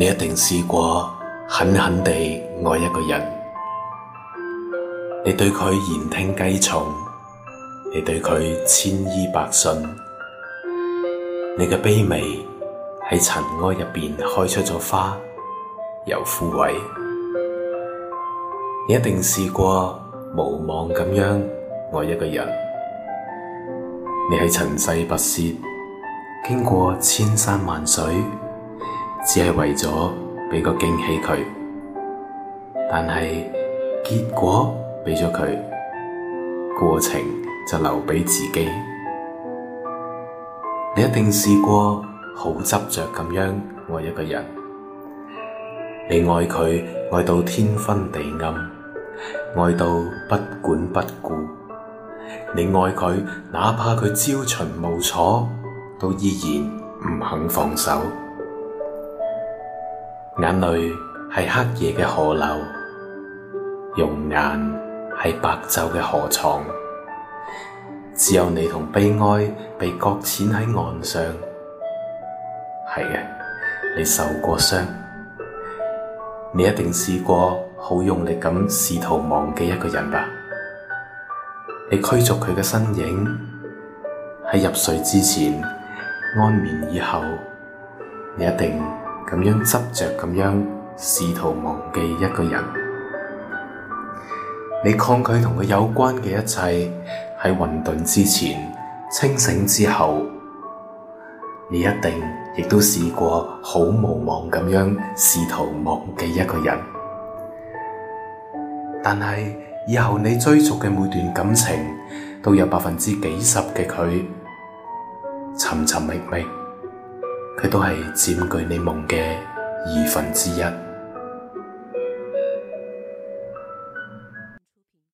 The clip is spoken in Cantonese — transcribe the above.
你一定試過狠狠地愛一個人，你對佢言聽計從，你對佢千依百順，你嘅卑微喺塵埃入邊開出咗花，又枯萎。你一定試過無望咁樣愛一個人，你喺塵世跋涉，經過千山萬水。只係為咗畀個驚喜佢，但係結果畀咗佢，過程就留畀自己。你一定試過好執着咁樣愛一個人，你愛佢愛到天昏地暗，愛到不管不顧，你愛佢哪怕佢朝秦暮楚，都依然唔肯放手。眼淚係黑夜嘅河流，容顏係白晝嘅河床。只有你同悲哀被擱淺喺岸上。係嘅，你受過傷，你一定試過好用力咁試圖忘記一個人吧？你驅逐佢嘅身影喺入睡之前，安眠以後，你一定。咁樣執着，咁樣試圖忘記一個人，你抗拒同佢有關嘅一切。喺混沌之前，清醒之後，你一定亦都試過好無望咁樣試圖忘記一個人。但係以後你追逐嘅每段感情，都有百分之幾十嘅佢尋尋覓覓。沉沉明明佢都係佔據你夢嘅二分之一。